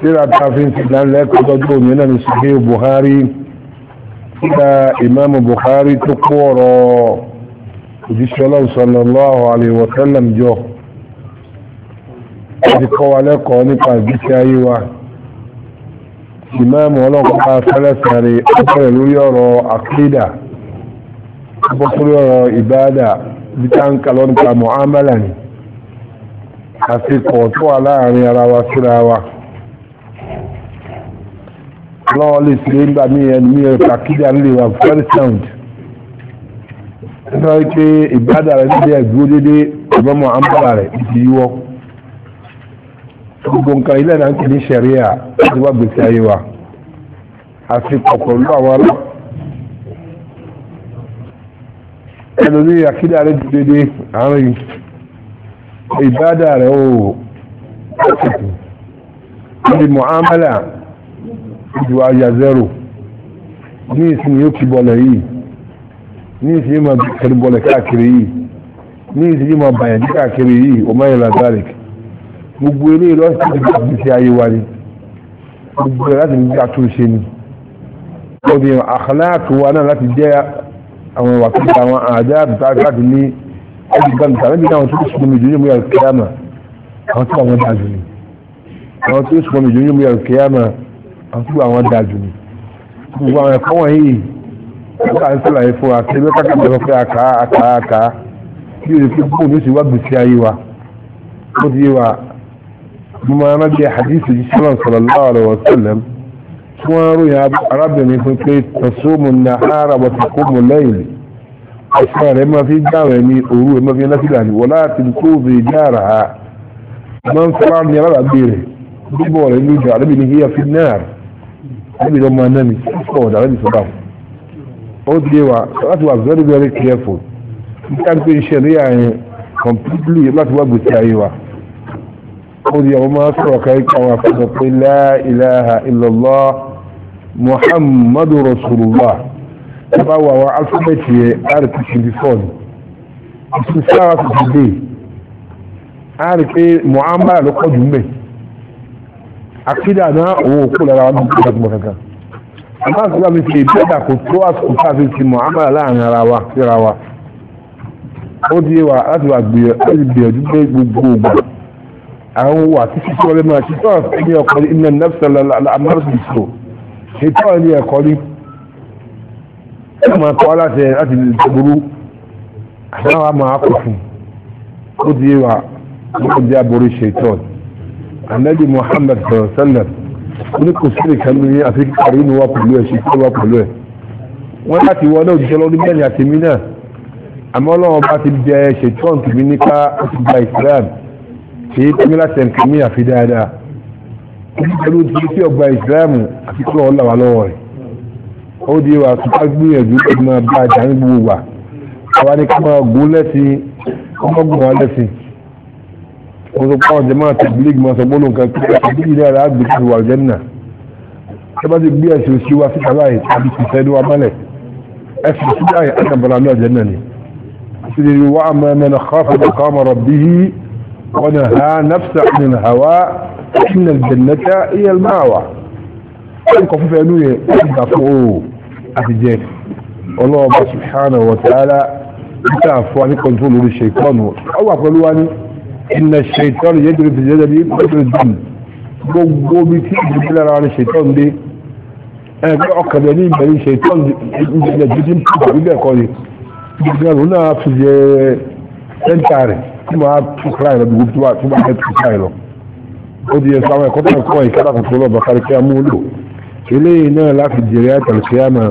síra tààfin ti dán lẹ́kọ̀ọ́ tọ́jú òmìnira ní ṣe Buhari síra imam Buhari tó kó ọ̀rọ̀ òjíṣẹ́ ọlọ́run sallallahu alaihi wa sallam jọ láti kọ́ wa lẹ́kọ̀ọ́ nípa ìgbésí ayé wa imam ọlọ́pàá fẹ́lẹ́sàrè ọ̀pẹ̀rẹ̀ lórí ọ̀rọ̀ àkídà bọ́ sórí ọ̀rọ̀ ìbáadà bíta ń kalọ́ àti kọ̀ọ̀tọ́ wa láàrin ara wa síra wa lọ́wọ́ lè ṣe é gbà mí ẹni mi ẹ̀ kàkídà ń lè wà very sound nítorí pé ìbádà rẹ̀ níbi ẹ̀gbó dédé ìbámu àmbàlà rẹ̀ ti yíwọ́ gbogbo nǹkan ilẹ̀ náà ń kì ní sẹ̀ríà láti wá gbèsè ayé wa àti kọ̀kọ̀ lọ àwọn ọlọ́ ẹlòmí àkídà rẹ̀ ti dédé àárín ìbádà rẹ̀ ó ṣètò níbi mọ̀ àmbàlà ojú ayà zero ní ìsinmi yóò kí bọ́lẹ̀ yìí ní ìsinmi ma kẹrin bọ́lẹ̀ káàkiri yìí ní ìsinmi ma bàyànjú káàkiri yìí ọmọ ìlà dalek gbogbo ilé lọ́sí ti gbà bí ti ayé wa ni gbogbo ẹ̀ láti gbé àtúnṣe ni ọdún yẹn àkàlà àtúwà náà láti jẹ́ àwọn ìwà tó àwọn àdá àbùtá láti ní ọdún gbàmù tàbí nígbà àwọn tó ti sùnmọ́ ìjọ́jọ́ mú mú yàrá àti àwọn dájú ni gbogbo àwọn ẹ̀kọ́ wọ̀nyí nígbà ń sàlàyé fún wa kí ẹgbẹ́ kákà bẹ̀rẹ̀ fún àká àká àká bí o lè fi bóun ní oṣù wá gbèsè ayé wa ó ti yé wa mo máa má jẹ hadith yìí sọlọ́n sallallahu alaihi wasallam tí wọ́n ròyìn arábìnrin fún pé tasumu nahara wa taqumu layl ọ̀sán rẹ̀ máa fi dáwẹ̀ ní òru rẹ̀ máa fi lásìlà ní wọ́n láti tó bè dára ha máa ń sọ́ra ní alábàgbé rẹ̀ bíbọ̀ rẹ̀ lójú àdébìnrin yíya fi náà níbi lọ mọ ẹnẹ́mi pọ̀ ọ̀dà lẹ́bi sọ́dà ó di wa láti wà very very careful nígbà pé iṣẹ́ rí àyẹn completely láti wá gbèsè ayé wa ó di àwọn máa sọ̀rọ̀ káríkà wa fún pé la ilaha illallah muhammadu rasulullah ẹ bá wà wá alifábẹ́ẹ̀tì yẹn rp twenty four ni ìtúsára tuntun dé rp muhammadu ló kọ́ jù mẹ́ẹ̀ àkídà náà òun òkú lára wọn kò dájú mọ́kankan àmọ́ àti láti fi ìbẹ́dà kò tó àsìkò káàfin ti mọ̀ àmàlà láàrin ara wa síra wa ó di wa láti wà gbìyànjú pé gbogbo ògbà àwọn wà tí sísọ rẹ máa ṣe tọ́ọ̀ ní ọkọ̀ ní ilẹ̀ nẹ́fẹ̀sẹ̀ amárùsì ìṣòro ṣe tọ́ọ̀ ní ẹ̀kọ́ ní ẹ̀mọ̀ ẹ̀kọ́ láti láti burú àwọn àmà akọ̀fún ó di wa wọ́n jẹ́ aborí ṣe tọ́ọ̀ anabi muhammad sallam ní kò sí nìkan ní àfikà rí ni wà pẹ̀lú ẹ̀ ṣíkọ́ wà pẹ̀lú ẹ̀ wọ́n láti wọ́n náà jíṣẹ́ lọ́dún mẹ́rin àti mí náà àmọ́ ọlọ́run bá ti jẹ ṣètọ́n tì mí nípa àtìgbà islam kì í tẹ́mí láti ẹ̀ǹkan mí àfi dáadáa ní pẹ̀lú ti sí ọgbà islam àti kúrò ọ̀là wà lọ́wọ́ rẹ̀ ó di wà tó bá gbìyànjú pẹ̀lú máa bá àjà ń gbowó wà àwa ni ká máa gún lẹ́sìn ọmọgbọ̀n wa lẹ́sìn wọ́n sọ pọ́n jẹ́mọ́ tẹ̀bílíg máa sọ gbọ́nà kan kíkọ́ tẹ̀bílíg ní ara àgbègbè ìwà àlùjẹ́nà ẹ bá ti gbé ẹ̀sìn òsì wa síta láì tàbí ti fẹ́ ní wa mọ́lẹ̀ ẹ̀sìn òsì láì àtàbọ̀là ní àlùjẹ́nà ni sílẹ̀ ni wọ́n àmọ́ ẹ̀mẹ́nà kọ́fà kọ́ ọmọrọ̀ bí i wọ́n ha wọ́n kọ́ fífẹ́ nú ní kọ́ńtò lórí ṣe ìkọ́nù ọwà pẹ̀lú إن الشيطان يجري في الجدل بجر الدم gbogbo bí tí ìdílé lára rẹ̀ ṣètọ́n dé ẹgbẹ́ ọkàdẹ̀ ní ìbẹ̀rẹ̀ ṣètọ́n ìjìnlẹ̀ jíjí ń pọ̀ níbẹ̀ kọ́ ni ìgbìyànjú náà fi jẹ sẹ́ńtà rẹ̀ tí máa tún kíláì lọ gbogbo tí wọ́n fẹ́ tún kíláì lọ ó di ẹ̀sọ́ àwọn ẹ̀kọ́ tó ń kọ́ ìkádà kòtò lọ́ba káríkẹ́ amúlò eléyìí náà láti jèrè àtàlùkíyàmà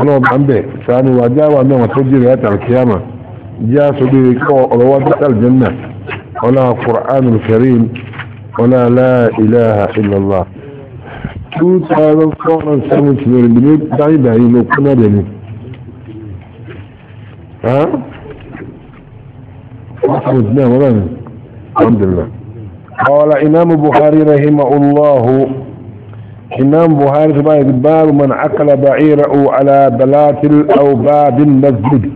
ọlọ́ọ̀bà ń bẹ̀ sànù àjáwà náà tó jèrè àtàlùkíyàmà jẹ́ àṣọ ولا قرآن الكريم ولا لا إله إلا الله توت هذا القرآن سمت بالبنيت بعيد عينه كنا دني ها وحمدنا ولانا الحمد لله قال إمام بخاري رحمه الله إمام بخاري ما يقبال من عقل بعيره على بلاتل أو باب المسجد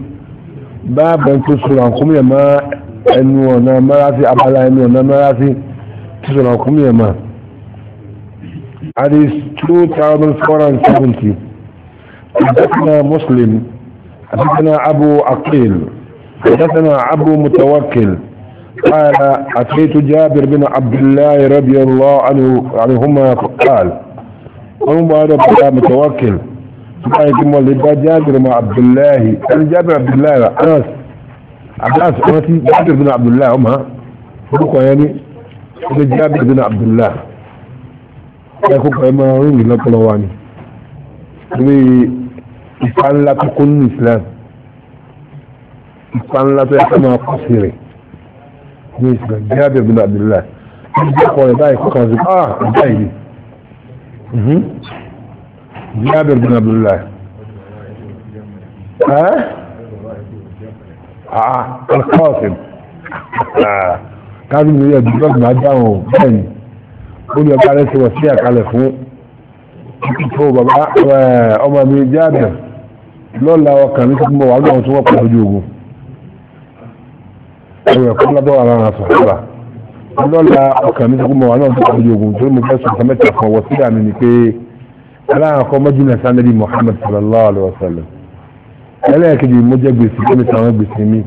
باب أنتو سلام قم ما ẹnu ọ̀nà mẹ́ráfí abala ẹnu ọ̀nà mẹ́ráfí tí sọ̀rọ̀ ọkùnrin ẹ̀mà hadith 2470 حدثنا مسلم حدثنا أبو عقيل حدثنا أبو متوكل قال أتيت جابر بن عبد الله رضي الله عنه عنهما فقال هم هذا متوكل سبحانه جابر مع عبد الله جابر عبد الله أنس عباس أمتي جابر بن عبد الله أمها فوق يعني جابر بن عبد الله يكون كما رمي لك لواني ní ìfà ńlá tó kún ní islam ìfà ńlá tó yàtọ̀ máa kọ́ sí rẹ̀ ní islam Jabir bin Abdullah ìjọ kọ̀ rẹ̀ báyìí kọ́kàn sí ah ìjọ yìí mhm. Jabir bin Abdullah Ah, alkọ́ọ̀sìn ah, káàkiri ní ẹ̀dùn bọ́ọ̀dù máa dáhùn bẹ́ẹ̀ ni ó ní ọba rẹ̀ ti wọ̀ sí àkàlẹ̀ fún tó bàbá eh, ọmọ mi jáde lọ́la ọkàn mi fún wà lọ́wọ́ tó wọ́pọ̀ lójú ogun ẹ̀rọ ẹ̀kọ́ lábọ́ ara rẹ̀ sọ̀ síra lọ́la ọkàn mi fún wà lọ́wọ́ tó wọ́pọ̀ lójú ogun tó mo fẹ́ sọ̀tọ̀ mẹ́ta kan wọ̀ síra mi ni pé aláàkọ́ mọ́jú náà sanadi Muhammad sallallahu alaihi wa sallam ẹlẹ́ẹ̀kejì mo jẹ́ gbèsè kí mi ta àwọn gbèsè mi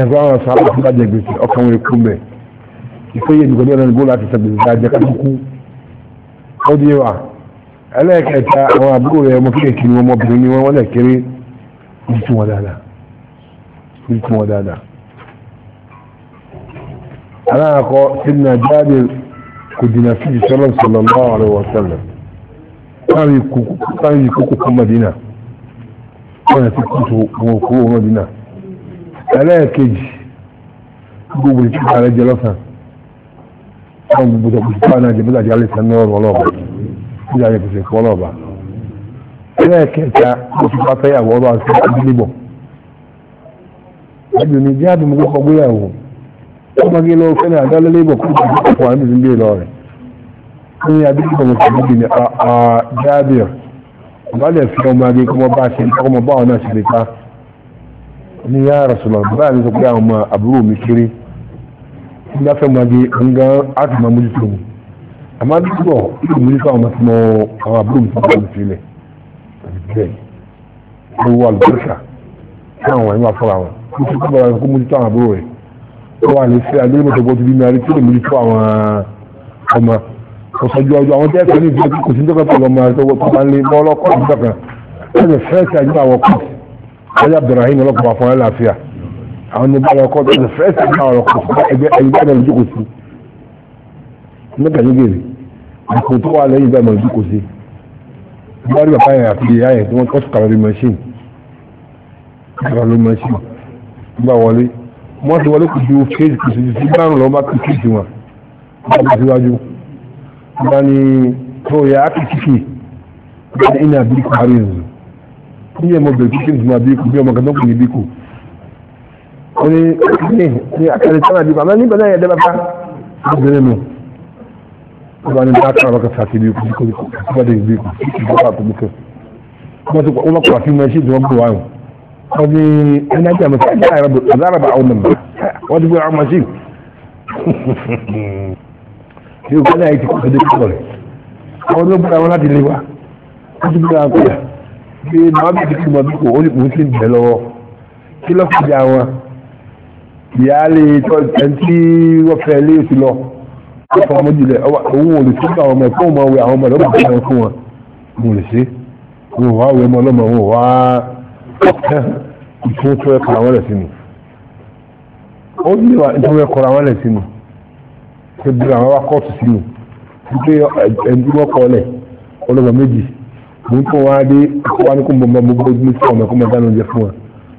ẹ̀fọ́ àwọn sábà tó bá jẹ gbèsè ọkàn wọn kú mẹ́ ìfẹ́yẹ nìkan ní ọ̀nà láti sọ gbèsè tá a jẹ kúkú ó di wa ẹlẹ́ẹ̀kẹta àwọn àbúrò rẹ ọmọ kéèké ni wọn ọmọbìnrin ni wọn wọn lẹ̀ kéré ojú tí wọn dáadáa ojú tí wọn dáadáa aláàkọ sinna jáde kò jìnnà sí ìṣọlọ sallallahu alaihi wasallam káàrí kókó kó Madina wọ́n ti kútu wọn kú wọn dínà ẹlẹ́ẹ̀kejì gbogbo ìtú ààrẹ jẹ lọ́sàn wọn gbogbo ìtọ́kùsí tó àná jẹ bíláàjì alẹ́ sàn náà lọ́ọ̀bà bíláàjì kò sì kọ́ lọ́ọ̀bà ẹlẹ́ẹ̀kẹta ó ti fà fẹ́yàwó ọba àti abínibọ̀ ẹbí mi jẹ́ àbí mo kọ́kọ́ gbéyàwó ó máa gé lọ́wọ́ fẹ́lẹ̀ àdá lẹ́lẹ́bọ̀ kó tó kọ́ àmì ìdílé lọ rẹ̀ ní abínibọ̀ mo sì balẹ̀ fi ọmọ adé kọmọ bá ṣe ọmọ bá ọ̀nà ṣe lè pa ní yá rasulọ̀ bá ní sọ pé àwọn ọmọ àbúrò mi kéré tí bá fẹ́ máa di ọ̀ngá àti máa mójútó mi àmọ́ dúpọ̀ ìlú mi nípa àwọn ọmọ àwọn àbúrò mi sọ́kọ̀ mi sílẹ̀ bẹ́ẹ̀ ló wà lùbẹ́sà tí àwọn wọ̀nyí wà fọ́ra wọn ó ti kọ́kọ́ wọn kó mójútó àwọn àbúrò rẹ̀ ó wà lè ṣe agbẹ́rẹ́mọ̀tò bọ́tù bí ọ̀sọ̀jọ́ ọjọ́ àwọn tẹ́ẹ̀kọ́ ní ìfẹ́ kò sí tọ́kọ̀ pẹ̀lú ọmọ àtọwọ́ pàpà ń lé mọ́lọ́kọ̀ ìjọkan ẹ̀rẹ̀ fẹ́ẹ̀sì àjọ àwọn kù ọjà abdulrahim ọlọ́kọ̀ wà fún ẹ láàfíà àwọn ní bá lọ́kọ̀ ẹ̀rẹ̀ fẹ́ẹ̀sì àjọ àwọn ọkọ̀ ẹgbẹ́ ẹgbẹ́ ẹgbẹ́ ìjókòó sí mẹ́ta yégèrè àkókò tó wà lẹ́yìn ìgbàmọ̀ ìjókòó sí bọ́ọ̀lù bàbá yẹn àti ìyá yẹn tí wọ́n kọ́ sùkàrà lórí machine sùkàrà lórí machine gbà wọlé wọ́n ti wọlé kùdú kéèjì kùsùn sí gbàrún lọ́wọ́ bá kùsùn sí bani ni to ya aka ciki ba ina biku har yanzu kun yi mabar cikin su ma biku biyu maganin ku ne biku wani ne ne a kare tana biku amma ni ba zan yadda ba ba da ne mu ba ni ta kara baka sati biku biku biku ba da biku biku ba ku biku kuma su kuma kwafi mai shi zuwa buwa yau wani ina ta masu ake a zaraba aunan ba wani buwa amma shi ní òkú náà ti kọ́kọ́ dé kọ́ rẹ̀ àwọn tó bára wọn láti lé wa ó ti bára wọn kọ́yà bí mohammed ti mọ bí kò ó ní kò ń sì bẹ̀ lọ́wọ́ kí lọ́ fìdí àwọn ìyáálé ẹntì wọ́n fẹ́ lé oṣù lọ wọ́n fọwọ́ mọ́jú lẹ̀ òun ò lè fún àwọn ọmọ ẹ̀kọ́ ọmọ wẹ àwọn ọmọ lọ́wọ́ fún fún wọn mo lè ṣe wọn wá wẹ ọmọ ọlọ́mọ wọn wá ìfún tó àwọn rẹ̀ sínú ó ní ìwà àwọn rẹ̀ sínú kó gbé àwọn akọ́ọ̀tù sílò wípé ẹni wọ́n kọ́ lẹ̀ ọlọ́gbà méjì mo ń kọ́ wá dé wá ní kó mọ mọ gbogbo ní fún ọmọ kó mọ dáná oúnjẹ fún wa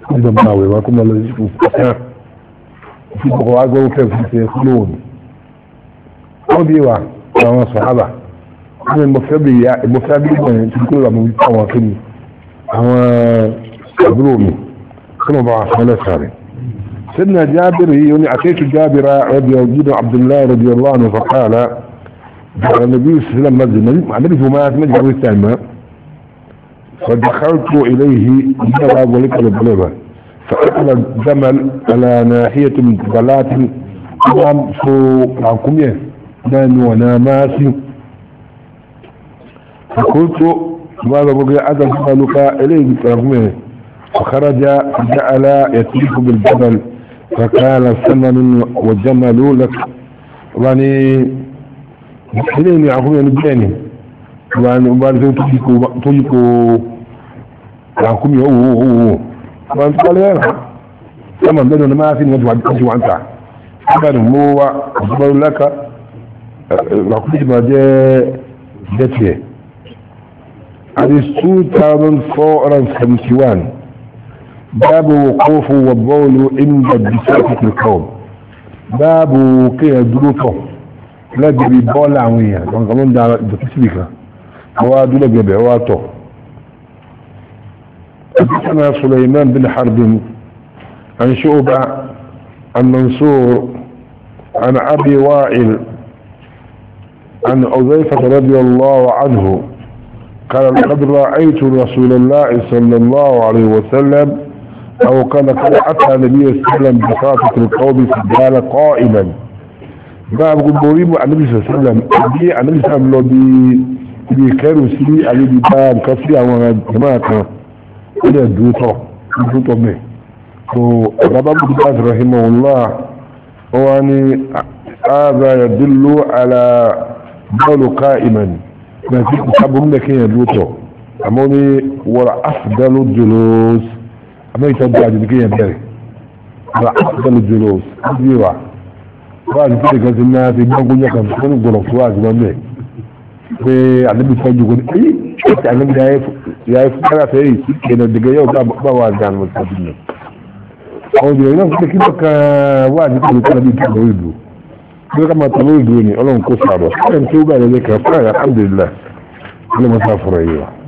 kó dìbò mọ àwẹ̀ wa kó mọ lọ sí fún ọ̀sán ìfi bọ̀kọ̀ wá gbọ́n fẹ́ fún ṣe fún lóhùn. wọ́n bí wa àwọn sọ̀hábà wọ́n ní mo fẹ́ bí ya mo fẹ́ bí ìgbọ̀n tí kò wà mo àwọn akéwì àwọn àbúrò mi kó mọ bá wa fún ẹlẹ́sàrẹ̀. سيدنا جابر يعني أتيت جابر رضي الله عبد الله رضي الله عنه فقال النبي صلى الله عليه وسلم مسجد النبي فما مسجد أبو السلمة فدخلت إليه جواب ولك البلبة فأقل الجمل على ناحية من جبلات قام فوق عنكمية نان وناماس فقلت ماذا بقي أدى جملك إليه عنكمية فخرج جعل يتلف بالجبل فقال ثمن وجمل لك واني حليني عقوم يعني بيني واني وبارزو تجيكو تجيكو عقوم يو هو هو وانت قال يا ثمن بدون ما في نجوى نجوى انت ثمن هو وجمل لك عقوم ما جاء جاتيه هذه 2451 باب وقوف والبول عند بساطة القوم باب وقيا دروته لا جبي بولا عوية كان كمان دا تسبيكا هو دولا جبي هواته حدثنا سليمان بن حرب عن شعبة عن منصور عن أبي وائل عن عزيفة رضي الله عنه قال لقد رأيت رسول الله صلى الله عليه وسلم أو كان قد أتى النبي صلى الله عليه وسلم بفاطة القوم فقال قائما ما قبوري بريم النبي صلى الله عليه وسلم النبي صلى الله عليه وسلم لو كانوا علي دي بام كفيا أو جماعة كان إلى دوتو دوتو مي تو ربما بقول رحمه الله هو هذا يدل على قول قائما ما في كتاب منك يدوتو أموني ولا أفضل الجلوس àmọ́ ìtọ́jú àjòjì kí yẹn bẹ̀rẹ̀ ọ̀rọ̀ àtọ́lù jùlọ sí wa wọ́n àti títẹ̀ kan ti náà ti gbọ́ngbọ́n yẹ kan fún gbọ̀rọ̀ fún àjùmọ̀ mẹ́ pé àdébí tọ́jú kò ní ẹ̀yí ṣètì àgbẹ̀bí ya ẹ fún kára fẹ́ẹ́ yìí kéèyàn dẹ̀gẹ́ yóò bá wà ní àná tọ́jú náà. àwọn obìnrin náà fún kí lọ́kàn wà ní tọ́jú kan bí kí lórí ìlú bí wọ́n ká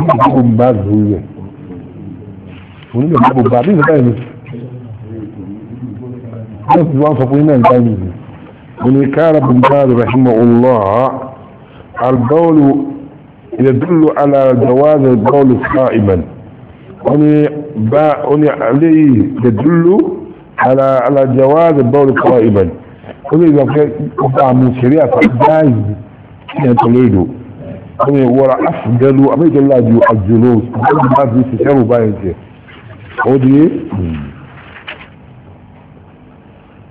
ìdíbò ń bá lórí rẹ̀ onílò ìdíbò bá bí ìdíbò ẹ̀mí wọ́n ti wọ́n sọ fún iná ìdá yìí wọ́n ni kára bin bá rẹ̀ rahimu allah albawlu yadullu ala jawaz albawlu sa'iman wọ́n ni bá wọ́n ni alayhi yadullu ala ala ìgbà pé ọba àmì ìṣẹ̀rí àfàdáyìí àwọn ìwọ́ra afghalu amẹ́jọ́láàjú aljulos àwọn bá fi ṣiṣẹ́ rò báyìí jẹ́ ó di é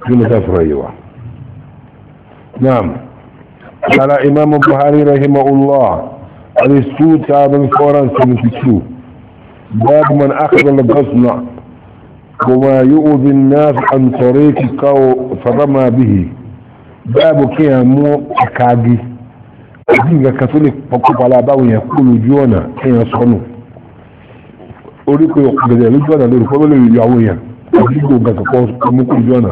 jùlọ sáfẹ́rẹ́ yìí wa naam kala imam buhari rahimahullah alisu taban foran 72 babu man akhadha al-ghasna kuma yu'dhi an-nas an tariqi qaw farama bihi babu kiyamu akagi àbí nǹkan kan tó lè pọkúpalá báwo yẹn kú lójú ọ̀nà kéèyàn sọnù orí pé gẹ̀dẹ̀ lójú ọ̀nà lórí pọ́bẹ́lẹ́ ìyọ àwọn èèyàn àbí gbogbo nǹkan kan kọ́ mú kú lójú ọ̀nà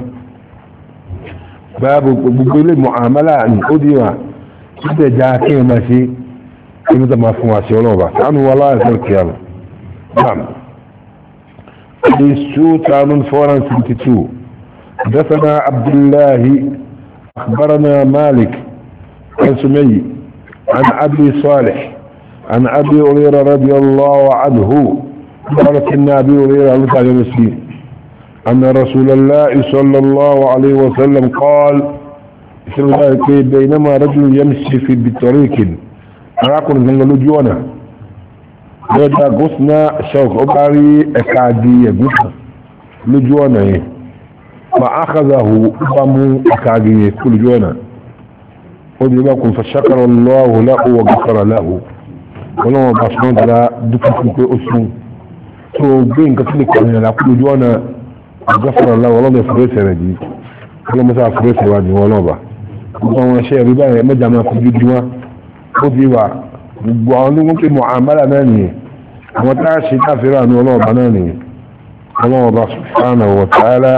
báyà gbogbo ilé mọ̀àmálà ní ó di wà tó tẹ̀ já kéèyàn máa ṣe kí níta máa fún wa ṣe ọlọ́ọ̀bà sánú wa láàrín sọ́ọ̀ kí á lọ. Hadith 2472 حدثنا عبد الله أخبرنا مالك عن سمي عن أبي صالح عن أبي هريرة رضي الله عنه قالت إن أبي هريرة رضي الله أن رسول الله صلى الله عليه وسلم قال بينما رجل يمشي في بطريق أراكم من لجوانا لذا قصنا شوق عباري أكادي قصنا لجوانا فأخذه أبامو أكادي كل جوانا ولمكن فشكر الله له وغفر له ولما بسمون على دفتك بأسهم تو بين كتلك أن يقول جوانا غفر الله والله يفرس رجي ولا مسا فرس رجي ولا با وما شيء ببا ما جمع في جوا خذي با وانو ممكن معاملة ناني وما تعشي كافران ولا بناني الله سبحانه وتعالى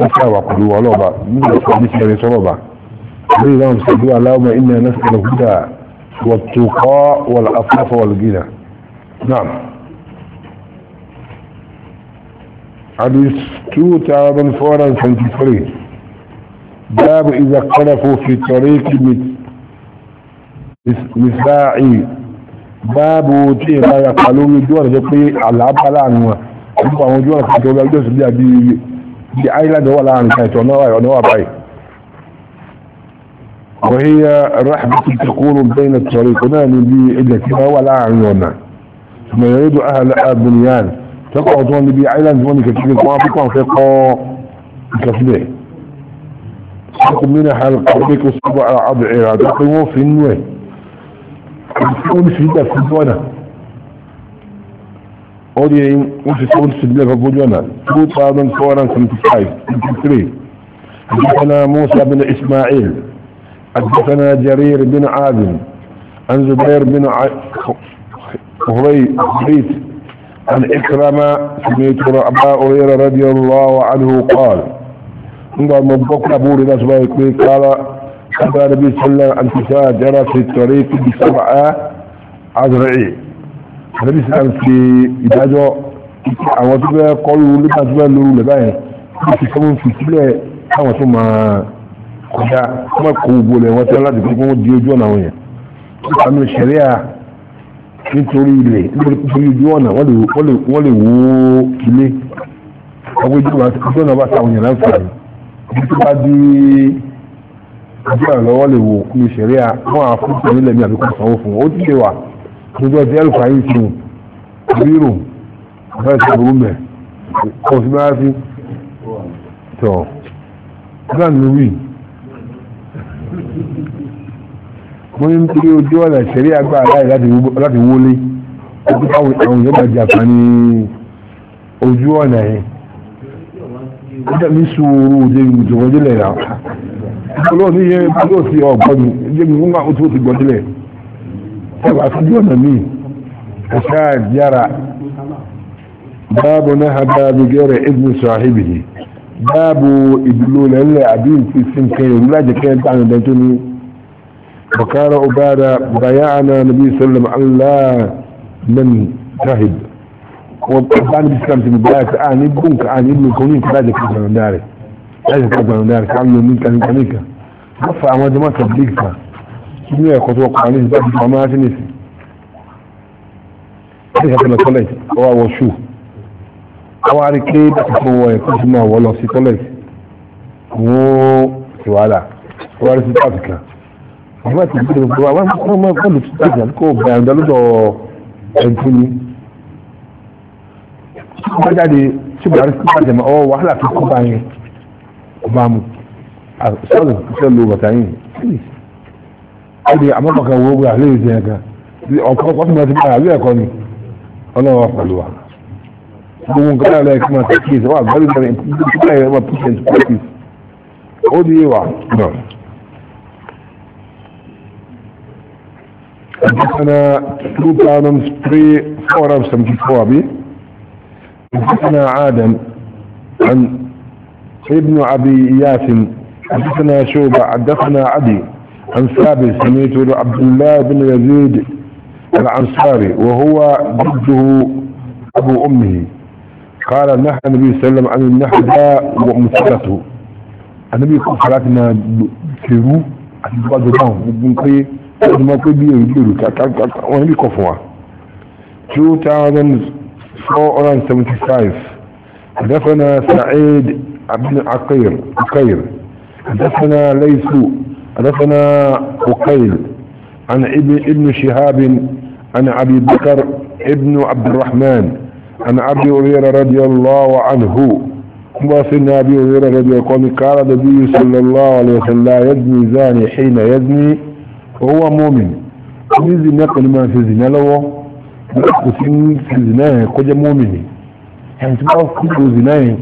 وكا وقلوا ولا با من يسوى بسيري صلى الله اللهم صل اللهم انا نسال الهدى والتقاء والعفاف والغنى نعم حديث 2473 باب اذا اختلفوا في طريق مساعي باب تي لا يقالون دور جبري على عبالان هو هو دور كتب الجزء دي دي ايلاند ولا عن كايتو نوا نوا باي وهي رحبة تكون بين الطريقين بإجتها ولا عيونا ثم يريد أهل أبنيان تقعد وان بي عيلان وان كتير قوافق وانفقا كتبه تقوم منها القربيك السبع أضعي تقوم في النوي تقوم في ده في الدوانا أولي وفي سؤول سبلة في الدوانا 2004 25 23 حدثنا موسى بن إسماعيل حدثنا جرير بن عازم عن زبير بن عبيد عن إكرم سميت أبا هريرة رضي الله عنه قال عندما مبقى أبو رضا سبحانه قال قال النبي صلى الله عليه وسلم أن تساجر في الطريق بسبعة عزرعي النبي صلى الله عليه وسلم في إداجة àwọn tó bẹ́ kọlu nípa tó bẹ́ lórí lẹ́bàá yẹn kí wọ́n kọjá ọmọ kò gbogbo rẹ̀ wọ́n ti wọ́n láti pípọ́ di ojú ọ̀nà àwọn yẹn àmì ìṣẹ̀ríà nítorí ilẹ̀ nítorí ojú ọ̀nà wọ́n lè wó ilé ọgbẹ́ ìjọba ojú ọ̀nà bá sáwọn yẹn láǹfààní ibi tó bá di ojú ọ̀nà lọ́wọ́ lè wò ní ìṣẹ̀ríà wọ́n á fún ìṣẹ̀rí lẹ́mí àbíkú sanwó fún ó ti ṣe wà lójú ọjọ́ ẹ̀rù fàáyì sí wọn rírò ọ̀fẹ́ ìṣòro mẹ́ kọ̀ sí bá wọ́n ń pè ojú ọ̀nà ìṣeré agbára láì láti wọlé àwọn èèyàn bá jà fún ní ojú ọ̀nà yẹn ó dàbí sùúrù òde ìjọwọ́délẹ̀ rà olóòtú yẹn olóòtú ọ̀gbọ́n jẹ́ mi fún àwọn tó ti ẹ̀wà ọ̀nà míì báàbù náà gẹ́rẹ̀ báàbù ìdúró lẹ́lẹ̀ àbí ìrúlájẹ̀kẹ́ dẹ́tọ́ ní وقال عبادة بايعنا النبي صلى الله عليه وسلم أن لا ننتهب وقال بسلام تبقى عن ابنك عن ابن كونين كبادة كبادة من داري لازم كبادة من داري كعمل يومين عن كميك رفع ما جماعة تبليكها كمية خطوة قرانية بعد ما تنسي كيف كنا طلعت هو وشو أو عارف كيف هو يكون ما هو الله سي طلعت هو سوالا هو عارف سي ìwà ti gbé gbogbo wa wọ́n mọ́ bọ́ọ̀lù tó tẹ̀lé kó bẹ̀rẹ̀ ọ̀dọ́ lọ́dọ̀ ẹ̀dùn ni wọ́n jáde tí buhari ti bá jẹ̀mọ́ ọwọ́ wàhálà fi kú bá yẹn mu sọ́ọ̀lù iṣẹ́ lo bàtà yìí ó di àmọ́kọ̀kọ̀ wo gbà lè jẹ́ ẹ̀ka ọ̀kọ́ pọ́sùn náà ti bá àlú ẹ̀kọ́ ni ọlọ́wọ́ pẹ̀lú wa gbogbo nǹkan náà lẹ́yìn kí ti kí ẹ̀sẹ̀ wà very حدثنا 2474 بي حدثنا عادم عن ابن ابي اياس حدثنا شوبة حدثنا عدي عن ثابت سميته عبد الله بن يزيد العنصاري وهو جده ابو امه قال نهى النبي صلى الله عليه وسلم عن النحل ومثلته النبي صلى الله عليه وسلم كيرو àti gbọ́dọ̀ náà gbogbo ń pé 2475 حدثنا سعيد بن عقير عقير حدثنا ليس حدثنا عقيل عن ابن ابن شهاب عن ابي بكر ابن عبد الرحمن عن ابي هريره رضي الله عنه وصلنا ابي هريره رضي الله عنه قال النبي صلى الله عليه وسلم لا يزني زاني حين يزني owó mọ́mìn ní zina pẹ̀lú máa ṣe zina lọ́wọ́ kò sí ní ṣe zina yẹn kọjá mọ́mìn ni ẹni tí wọ́n kú kó zina yẹn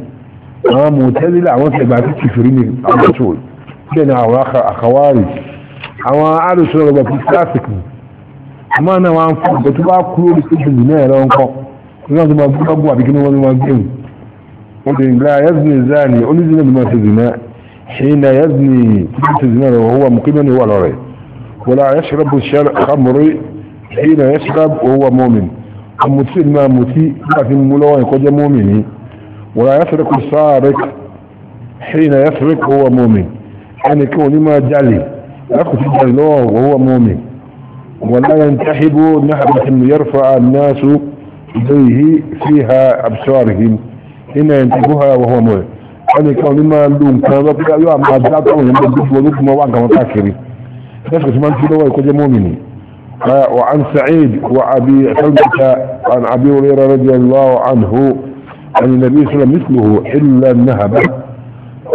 àwọn mọ̀tẹ́lẹ̀ àwọn tẹ̀gbà tó ti fìrí ní àwọn tó bẹ́ẹ̀ ni àwọn àkàwárì àwọn àdùsọ rẹ̀ gbàgbé classic ni àmọ́ náà wọ́n á fún ọ̀gbẹ́ tó bá kú lórí ṣe zina yẹn lọ́wọ́ ńkọ́ wọ́n tó máa bú lọ́gbọ̀n àbí kí wọ́n tó máa gbé wọn tó ń gbá yẹ́sìn ìzáàni oníṣẹ́ náà ló máa ṣe zina ṣe é na yẹ́sìn ìzáàni wọ́n wà mú kí mẹ́rin ولا يشرب الخمر حين يشرب وهو مؤمن المتي ما متي في ملوان قد مؤمن ولا يسرق السارق حين يسرق هو مؤمن يعني كون ما جالي أخذ جالي وهو مؤمن ولا ينتحب نحب أن يرفع الناس إليه فيها أبصارهم حين ينتبها وهو مؤمن يعني كون ما لون كان يوم ما جاء كون ينبدو ودوك ما وانك نفس ما انت لو مؤمني وعن سعيد وعبي سلمة عن ابي هريره رضي الله عنه عن النبي صلى الله عليه وسلم مثله الا النهب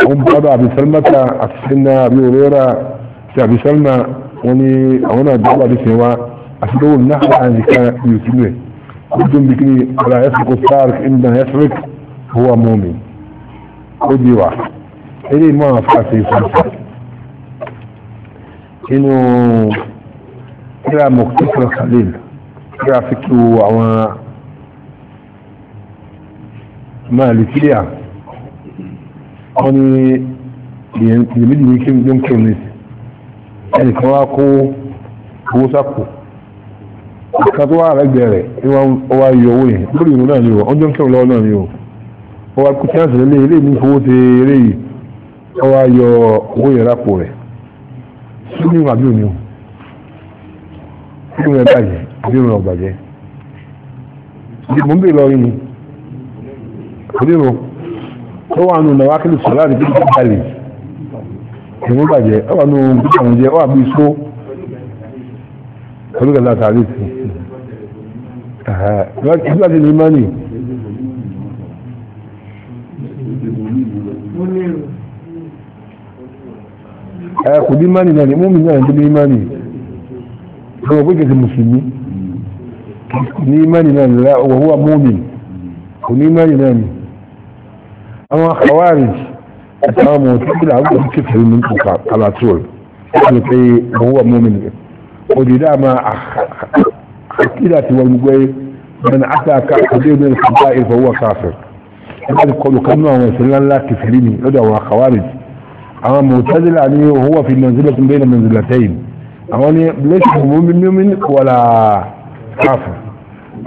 هم طبع سلمة اسحنا ابي هريره ابي سلمة وني هنا دعوة بسوا اسلوه النهب عن كان يسلمه قد بكني لا يسرق السارق انما يسرق هو مؤمن ودي واحد إلي ما أفعل في صلصة inú kíra mọ̀kútùkúrọ̀ khalil kíra fi kí wo àwọn malikiya wọ́n ni ìyẹ̀mídì ní kí ló ń kí ní ẹnìkan wá kó owó sápò ọ̀kan tó wà rẹ̀gbẹ̀ rẹ̀ ní wọ́n wá yọ owó yẹn lórí ìrún náà ni ó ọjọ́ ń kí lọ́wọ́ náà ni ó wọ́n wá kú tí wọ́n sì lé ilé ní ti eré yìí wọ́n wá yọ owó yẹn rápò rẹ̀ tí ní ìwà bí òní o bí òun ẹ bàjẹ́ bí òun ọ bàjẹ́ bí mo ń bèèrè lọ́rin ni onírò ó wà nù náwó akéde sọ̀rọ̀ àti bíbí balẹ̀ ìwọ̀n bàjẹ́ ó wà nù bíbí àwọn jẹ́ ó wà bí so olùkàlà tààrí tì í ìgbà tí ní mánì. ẹ kò ní mánì náà ni mú mi náà ní ní mánì ọmọ pé kẹsì mùsùlùmí ní mánì náà ni wọ́wọ́ mọ́mí kò ní mánì náà ni àwọn àwárí àtàwọn ọmọ tó kí làwọn ọmọ tó kẹsì ní kòkà kalatrol wọ́n lè pe wọ́wọ́ mọ́mí ni òdì dáa máa àkídà ti wọ́n gbé mẹ́ni àtàkà òdì ìbẹ̀rẹ̀ fún báyìí fọwọ́ káfẹ́ ẹgbẹ́ kọlù kanú àwọn ìṣẹ̀lẹ̀ ńlá kẹfẹ́ ní lọ́dọ̀ àwọn àwọn mọ̀tẹ́dìlà ní òun wà fi mọ̀sílẹ̀ tún bẹ́ẹ̀ mọ̀sílẹ̀ tẹ́yìn àwọn ní lẹ́sìn mọ̀mí mímí wàlà káfù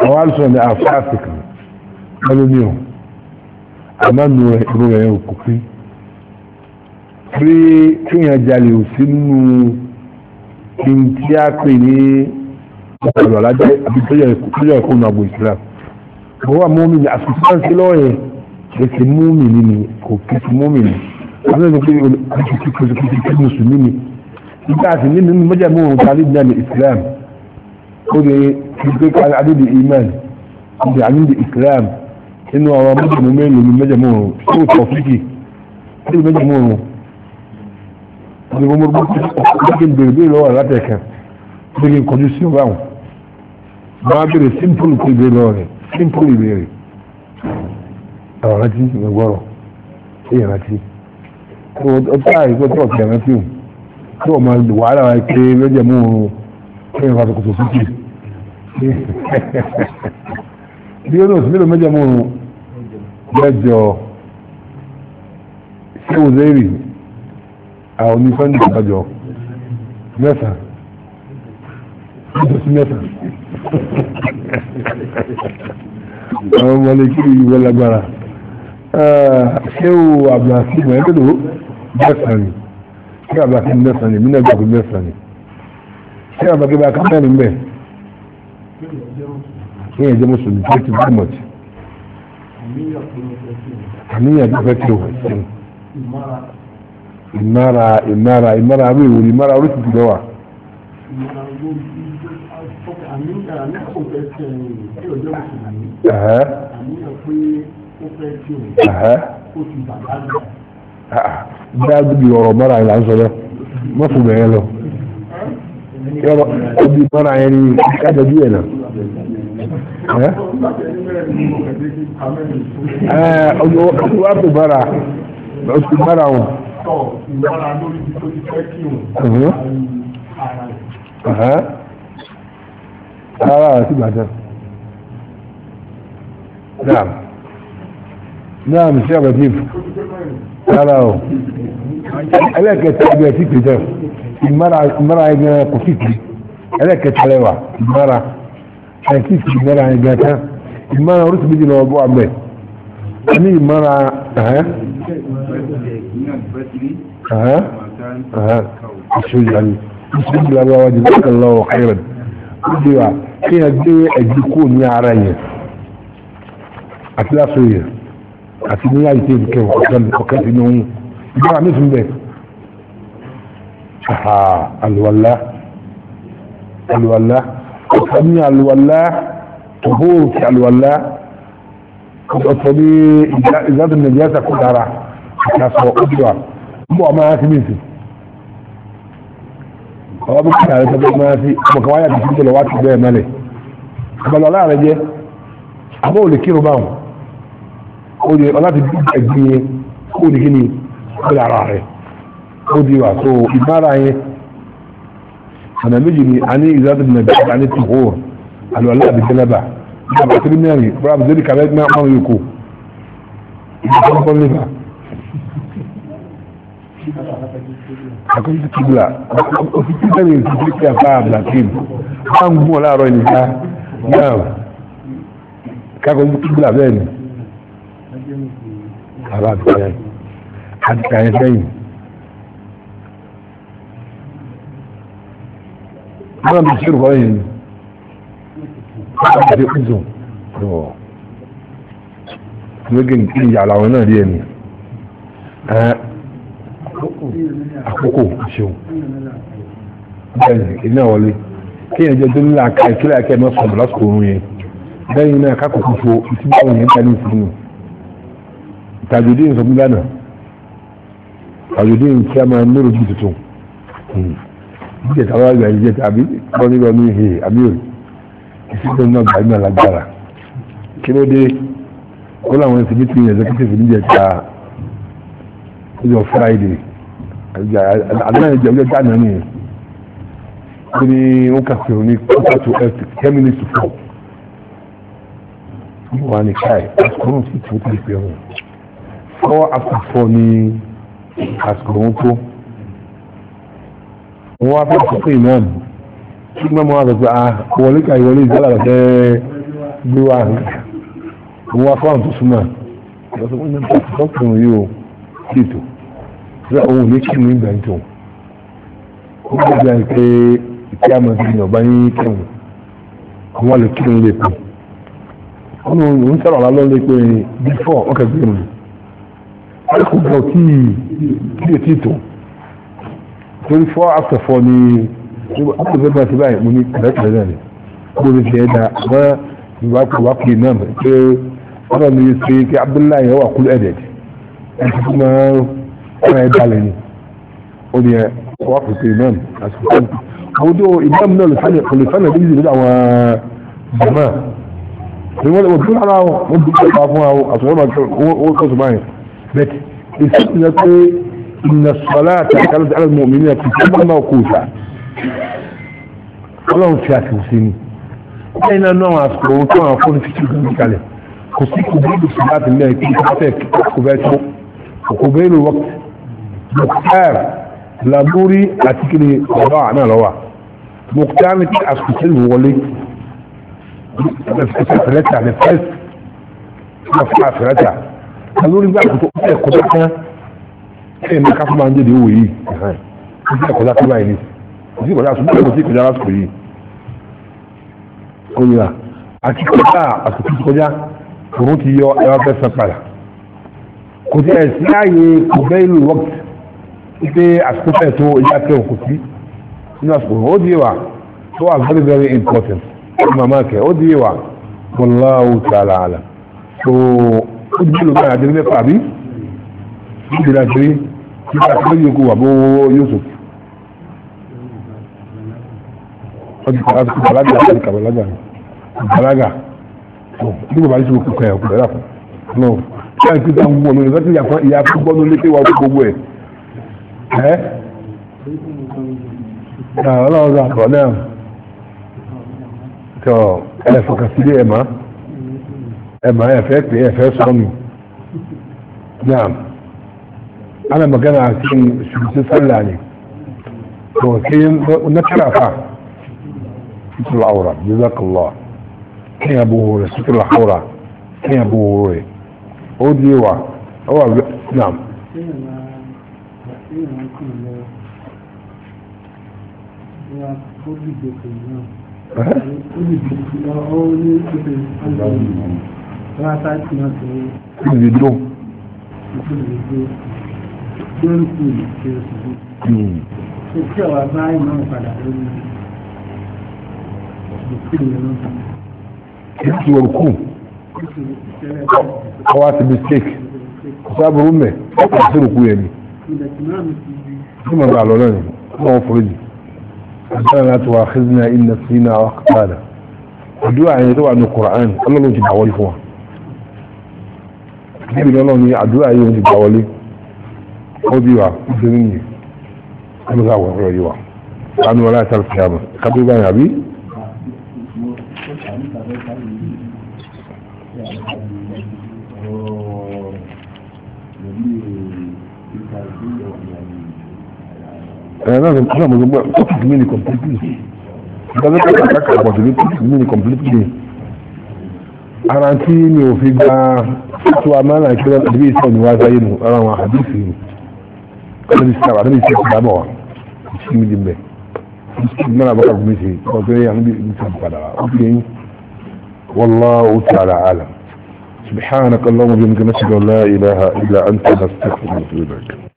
àwọn alùsùn ah, ní àfáàfíkì lọ́dún ní òun àmọ́ nu ẹ̀rọ rẹ̀ kò fi pé kíyàn jalè ò sí nínú kí n tí a pè ní ọ̀rọ̀ alájẹ́ àbí tọ́jọ́ ẹ̀kọ́ nù àgbò ìsìlám wọ́n wà mọ́mí ní àsìkò tí wọ́n ń ṣe lọ́wọ́ yẹn kò sí mọ́mí nínú kò kí sí mọ́mí nínú àwọn ẹni pé àti kìkìkì kí mùsùlùmí ni nígbà àti nínú mọ́jà mú òun kálí náà ní islam ó lè gbé kálí adédè iman àti àníbi islam nínú àwọn mọ́jà mú mẹ́rin ní mọ́jà mú òun tó tọ̀ fíkì ní mọ́jà mú òun ní mo mọ́ kí n bèrè bí lọ́wọ́ láti ẹ̀kẹ́ bí kí n kọjú sí ọba àwọn máa bèrè simple kó ìbéèrè rẹ̀ simple ìbéèrè àwọn rántí ìgbẹ́gbọ́rọ̀ ìyẹn rántí ọjọ́ àìsàn tó ọ̀sẹ̀ rẹ̀ fíò tó ọmọ wàhálà wa pé lọ́jọ́ mú un kí n fa kòtò sókè bí ó lọ́sí mélòó mẹ́jọ mú un mẹ́jọ ṣé o zéèrè àwọn ní sunday àbájọ mẹ́sàn mẹ́sàn mẹ́sàn àwọn ọmọ lè kí ìwé lágbára ṣé o àbúrò àti ìmọ̀ mẹ́sàn-án kí àbákí mẹ́sàn-án mí náà gbàgbé mẹ́sàn-án kí àbákí bá kámẹ́rin mẹ́ kí ẹ̀jẹ̀ mùsùlùmí tó ti bú mọ̀tì àníyàn tó fẹ́ kí o ṣe ìmára ìmára ìmára àwọn ìwòrì ìmára oríṣiríṣi lọ́wà. àníyàn kò fẹ́ kí àníyàn pé ó fẹ́ kí o ó ti bàbá náà. dáàbì ọ̀rọ̀ mọ́ra ìlà نعم يا الشيخ لطيف قالوا علاك التعبيتي كتاب المرأة المرأة يجينا قصيتي علاك التلاوة المرأة حكيت المرأة يجاتها المرأة رسم دي لو أبو عباد أني المرأة ها ها ها أشهد يعني بسم الله الله وجزاك الله خيرا قلت له هي قد يا عرايه أتلاقيه àti ní àìsí ìdíkẹ́ ọ̀kẹ́ sínú ohun ìgbára ní ìsúnbẹ̀ ṣàhà alùwàlá alùwàlá ọ̀sán ní alùwàlá tòhóòrò sí alùwàlá ọ̀sán ní ìzádùn nàìjíríà sàkó dára àtàsọ̀ òdìwà mbọ̀ ọmọ yá sí mìíràn ọwọ́ bí kí ààrẹ tọ́jú ọmọ yá sí ọmọ kan wáyà kìí sílẹ̀ wá ti bẹ́ẹ̀ mẹ́lẹ̀ ọmọ lọ́la jẹ́ àbọ̀ òlè kírun báwọn ó di ọláti bí ẹ̀gbìn yẹn kó ní kíni ó di ara rẹ̀ ó di wà tó ìbára yẹn ọ̀nà méjì ni a ní ìzáàtì nàbí a ní tìhó àlùwàlá àbí jẹlẹba ìjọba tí mẹ́rin bọ́lá àbúzẹ́lì kàlẹ́ ní àwọn yòókù ìjọba tó ń lébà akọ́jú kìbìlà òfin tí mẹ́rin ti fi kí afá àbùlàkìm máa ń gún ọ láàárọ̀ ìnìká náà kákọ́jú kìbìlà bẹ́ẹ̀ ni ara àtúnyẹ àtúnyẹ sẹ́yìn. wọ́n bí sí ìrùkọ́ yìí ni wọ́n ti fi kùsùn lọ. lóge ní ìyá àwọn náà rí ẹni. àkókò ṣeun bẹ́ẹ̀ni iná wọlé kí ẹ jẹ́ dúnlá ká ìkílẹ̀ akẹ́ mọ́sàn-án lásìkò òun yẹn lẹ́yìn náà kákòókò fo ìtúbọ̀ òun yẹn tẹ́lẹ̀ ìfúnnu tajudeen sọ fún ghana tajudeen tí a máa nírò jù tuntun jíjẹ tàbí àgbà jíjẹ tàbí kọ́nìgbà ní ìhè àbíòrì ìsìnkú náà gbà ní alágbára kí ló dé ó láwọn ẹsẹ̀ bí tìǹyẹ̀ executive níjẹ̀ ta ọjọ́ friday àdáyé jẹ́ ọjọ́ dáná nìyẹn ó ní ó kà sí òní quarter to eight ten minutes to four wọ́n á ní káì àsìkò náà sì tún ó ti pè ọ́n kọ́ àkùfọ̀ ní àsìkò wọn tó wọ́n wá fẹ́ àkùfọ̀ ìmọ̀ọ̀mù tí gbọ́n mọ́ àgbẹ̀gbẹ̀ àwọlé ka ìwọlé ìjọ́lá rẹ̀ fẹ́ gbé wá wọ́n wá fọ́ọ̀mù tó súnmọ́ lọ́sọ̀ wọ́n yẹn tó kùn yìí o kìtò rẹ̀ òun ní kí ní ìgbà tó ó gbọ́dọ̀ àyè pé ìkí àmọ́ ti yàn bá yín kẹwù àwọn lè kí ní lè pè wọ́n ń sọ̀rọ̀ lálọ́ lè pè bífọ̀ ọkẹ́ gbé mi àìkú gbọ́ tí ìdíyẹ tí tó torí four after four ni ọkọ̀ bẹ́ẹ̀ bá ti báyìí mo ní kẹ̀lẹ́kẹ̀lẹ́ náà ni mo lè ṣe ẹ̀dá àmọ́ ìwà kò wá pè náà mọ̀ pé ọ̀rọ̀ mi ṣe kí Abdullahi yẹn wà kúlù ẹ̀dẹ̀d ẹ̀sìn fún mọ́ ọ̀rọ̀ ẹ̀ balẹ̀ ni ó ní ẹ̀ wá pè pè náà àsìkò àwọn tó ìbámu náà lè sálẹ̀ kò lè sálẹ̀ bí ìdílé àwọn jàmáà ni wọ́n lè wọ́n bí wọ́n ara wọn bí wọ́n bá fún àwọn àtúnwọ́n máa kọ́ sọ báyìí بيت السنة إن الصلاة كانت على المؤمنين في كل موقوفة ọlọ́run ti àtìwòsíní lẹ́yìn náà náà àsìkò ohun tó àwọn fóònù fífi gbàgbé kalẹ̀ kò sí kò bẹ́ẹ̀lù sí láti lẹ́yìn kí wọ́n fẹ́ kò bẹ́ẹ̀ tó kò bẹ́ẹ̀lù wọ́pẹ́ mọ̀kútàr làbúrí àti kí ni ọ̀dọ́ àná lọ́wà mọ̀kútàr ní kí àsìkò tí ìwọ wọlé ẹ̀fẹ̀lẹ́tà ní fẹ́ẹ̀sì alórí gbà tó kọ́ ẹ̀kọ́ tó kán ẹ̀ ní ká fún máa ń jẹ́de owó yìí ó sì ẹ̀kọ́ láti báyìí ní kò sí ìkọjá àsùnwó kò sí ìkọjá lásìkò yìí ó yà àti kọjá àsìkò tó kọjá òun ti yọ ẹwà fẹ́ san padà kò sí ẹ̀sìn láàyè kò bẹ́ ìlú wọ́pì pé àsìkò fẹ́ tó ìyá tẹ̀ kò sí nínú àsìkò ó di wa tó wà very very important ó di màmá kẹ ó di wa wallahu ta'ala so ó ti gbé lóba àjẹrí mẹ́fà bí ó ti àjẹrí nípa àti lóyún okò wà bó yóò sòkè ọdún ìbàlágà àti kàbàlágà ìbàlágà ní bàbá yìí sọ kùkà ẹ̀ kùkà ẹ̀dá fún un kí àìsí tó ń gbọ́n lórí láti yàtọ̀ ìyá tó gbọ́n lórí pé wà ó gbogbo ẹ̀ ẹ́ ọlọ́run ọ̀rọ̀ náà tọ́ ẹ̀ fọkàsílẹ̀ ẹ̀ máa اما إيه، هي فات هي فات صمي نعم انا ما كان عارفين شو بتصلي عليك هو كين ونكر ستر العورة جزاك الله كين ابو هوري ستر العورة كين ابو هوري ودي وا هو نعم Thank أه؟ أه؟ wọ́n á sáà tí wọ́n ti rí. ìlú ìdó. ìlú ìdó tó ń kú ìṣe òṣèlú. ṣé tí ọ̀wá bá ìmọ̀ padà lórí ìṣèlú náà. ètò òkú ọwọ́ àti mistake kò sábàrú mẹ́ ọkọ̀ ìṣèlú kú yẹn ni. ṣé màá bá a lọ lẹ́nu wọ́n fọ́ yìí. ربنا لا تؤاخذنا إن نسينا وأخطأنا ودعاء يدعو عن القرآن الله لو جدا والفوان níbi lọ́nà ni àdúrà yìí ti gbà wọlé ó bí wa ó ṣe nìyí ó ló wọ ọ̀rọ̀ yìí wa sanu ọlá ìsàlù kìámù kábí bá yàn àbí. ẹ̀rọ náà mo gbọ́ tó kìí mí ni completely ìgbàlódé kàkà kàkà bọ̀ sí tó kìí mí ni completely ara tí mi ò fi gba tó amánà ìpínlẹ̀ ìdíbí ìsọ̀ ní wáyé ayé nù ara wọn àdúgbò nù kọ́lá bí sábà níbi ìṣẹ́kù dábọ̀ wà ìṣẹ́ mi di mbẹ́ ìṣẹ́ náà bọ́kà gómìn sí ọ̀gbẹ́ yà níbi ìṣẹ́ padà wà ó fi yẹn والله تعالى عالم سبحانك اللهم وبحمدك نشهد ان لا اله الا انت نستغفرك ونتوب اليك